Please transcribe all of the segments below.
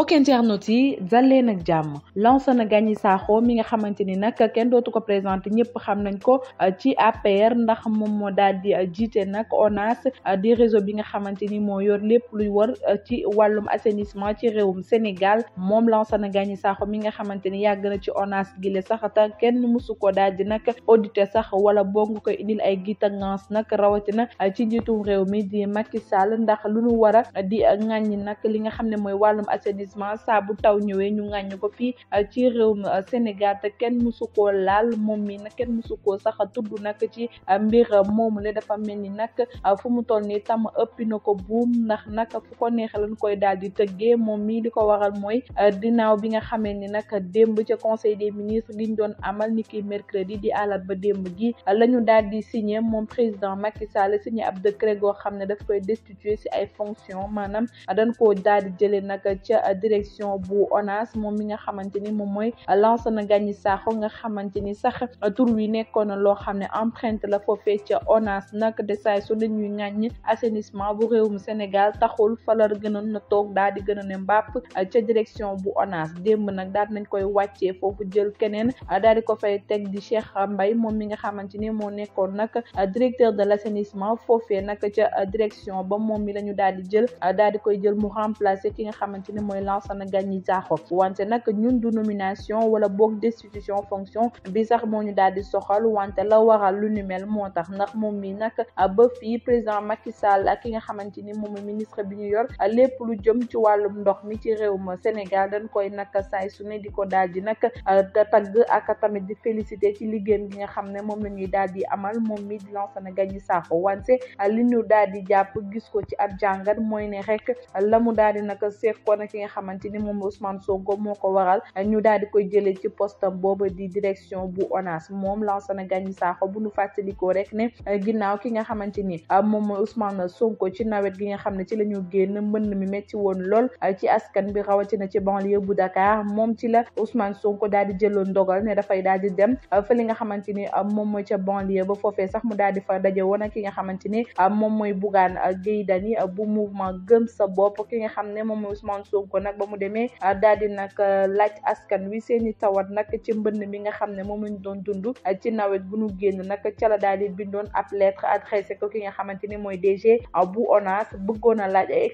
mbokk internautes yi daleen ak jàmm Lansana Gagny Sakho mi nga xamante ni nag kenn dootu ko présenté ñëpp xam nañ ko euh, ci APR ndax moom moo daal di euh, jiite nag ONAS euh, di réseau bi nga xamante ni moo yor lépp luy war ci wàllum assainissement ci réewum Sénégal moom Lansana Gagny Sakho mi nga xamante ni yàgg na ci ONAS gile sax te kenn mësu ko daal di nag audité sax wala boog nga koy indil ay gittangaans nag rawatina ci njiitum réew mi di Macky ndax lu nu war li nga xam ne mooy wàllum assainissement saa bu taw ñëwee ñu ŋàññ ko fii ah, ci réewum ah, Sénégal te kenn mësu koo laal moom mi nag kenn mësu koo sax tudd nag ci ah, mbir moomu le dafa mel ni nag fu mu toll nii tam ëppi na ko buum ndax nag fu ko neexe lañ koy daal di tëggee moom mii li ko waral mooy dinaaw bi nga xamee ni nag démb ca conseil des ministres ñu doon amal ni ki mercredi di àllat ba démb gi la ñu daal di signé moom président Macky Sall signé ab décret goo xam ne daf koy destituer si ay fonction maanaam dañ koo daal di jëlee nag ca direction bu ONAS moom mi nga xamante ni moom mooy Lansana Gagny Sakho nga xamante ni sax tur wi nekkoon na loo xam ne empreinte la foofee ca ONAS nag de saay su lañuy ŋàññ assainissement bu réewum Sénégal taxul falar gënoon na toog daal di gën a ne mbàpp ca direction bu ONAS démb nag daal nañ koy wàccee foofu jël keneen daal di ko fay teg di Cheikh Mbaye moom mi nga xamante ni moo nekkoon nag directeur de l' assainissement foofee nag ca ba moom koy jël mu remplacer ki nga xamante mooy mooy Lansana Gagny Sakho wante nag ñun du nomination wala boog destitution fonction bi sax moo ñu daal di soxal wante la waral lu ni mel moo tax ndax moom mi nag ah, ba fii président Macky Sall ak ki nga xamante ni moom ministre bi ñu yor ah, lépp lu jëm ci wàllum ndox mi ci réew ma Sénégal dañ koy nag saay su ne di ko daal di nag ah, tagg ak tamit di félicité ci liggéeyam gi nga xam ne moom la ñuy daal di amal moom mi di Lansana Gagny Sakho wante li ñu daal di jàpp gis ko ci ab jàngat mooy ne rek la mu daal di nag seet ko na ki nga xamante ni moom Ousmane Sonko moo ko waral ñu daal di koy jëlee ci postam booba di direction bu ONAS moom Lansana Gagny Sakho bu nu fàttalikoo rek ne euh, ginnaaw ki nga xamante ni euh, moom mooy Ousmane Sonko ci nawet gi nga xam ne ci la ñu génn mbënn mi metti woon lool euh, ci askan bi rawatina ci banlieue bu Dakar moom ci la Ousmane Sonko daal di jëloon ndogal ne dafay daal di dem ni moom mooy ca banlieue ba foofee sax mu daal di ki nga xamante ni moom mooy Bougane Gueye Dany bu mouvement gëm sa bopp ki nga xam moom mooy Ousmane Sonko nag ba mu demee ah, daal di nag ah, laaj askan wi seen i tawat nag ci mbënn mi nga xam ne moom lañ doon dund ah, ci nawet bu nu génn nag ca daal di bindoon ab lettre adressé ko ki nga xamante ni mooy DG bu ONAS bëggoon a laaj ay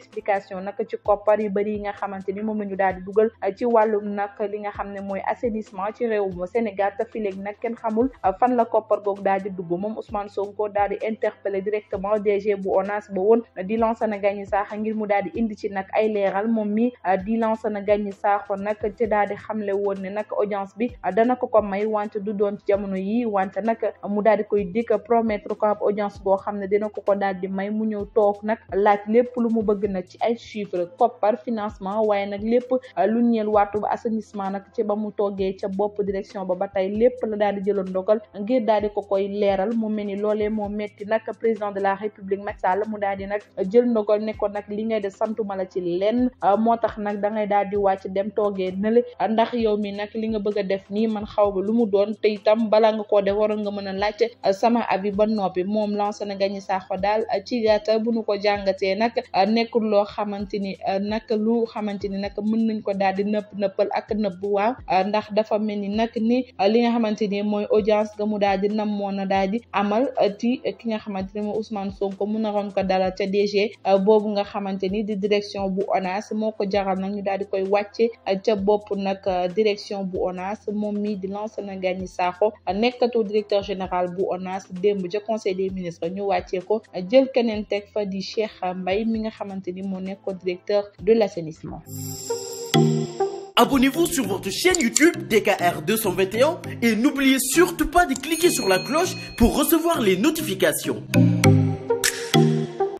nag ci koppar yu bëri yi nga xamante ni moom la ñu daal di dugal ci wàllum nag li nga xam ne mooy assainissement ci réew réewum Sénégal te fi léegi nag kenn xamul fan la koppar googu daal di dugg moom Ousmane Sonko daal di interpellé directement DG bu ONAS ba woon di Lansana sax Sakho ngir mu daal di indi ci nag ay leeral moom mi Dylan Sana-Gagny Sakho nag ci daal di xamle woon ne nag audience bi dana ko ko may wante du doon ci jamono yi wante nag mu daal di koy dikk promettre ko ab audience boo xam ne dina ko ko daal di may mu ñëw toog nag laaj lépp lu mu bëgg nag ci ay chiffres koppar financement waaye nag lépp lu ñeel waatu ba assainissement nag ci ba mu toggee ca bopp direction ba ba tey lépp la daal di jëloon ndogal ngir daal di ko koy leeral mu mel ni loolee moo metti nag président de la république Macky Sall mu daal di nag jël ndogal ne ko nag li nag da ngay daal di wàcc dem toogee nële ndax yow mi nag li nga bëgg a def nii man xaw ba lu mu doon te itam balaa nga koo def waroon nga mën a laajte sama avis ba noppi moom Lansana Gagny Sakho daal ci gàtta bu nu ko jàngatee nag nekkul loo ni euh, nag lu xamante ni nag mën nañ ko daal di nëpp nëppal ak nëpp waaw ndax dafa mel ni nag ni li nga xamante ni mooy audience ga mu daal di nam moon a daal di amal ci ki nga xamante ni mooy Ousmane Sonko mu naroon ko a ca DG euh, boobu nga xamante ni di direction bu ONAS moo ko jaral programme nag ñu daal di koy wàcce euh, ca bopp nag euh, direction bu ONAS moom mii di Lansana Gagny a nekkatu directeur général bu ONAS démb ca conseil des ministres ñu wàccee ko jël keneen teg fa di Cheikh mbay mi nga xamante ni moo nekkoon directeur de l'assainissement. Abonnez-vous sur votre chaîne YouTube DKR 221 et n'oubliez surtout pas de cliquer sur la cloche pour recevoir les notifications.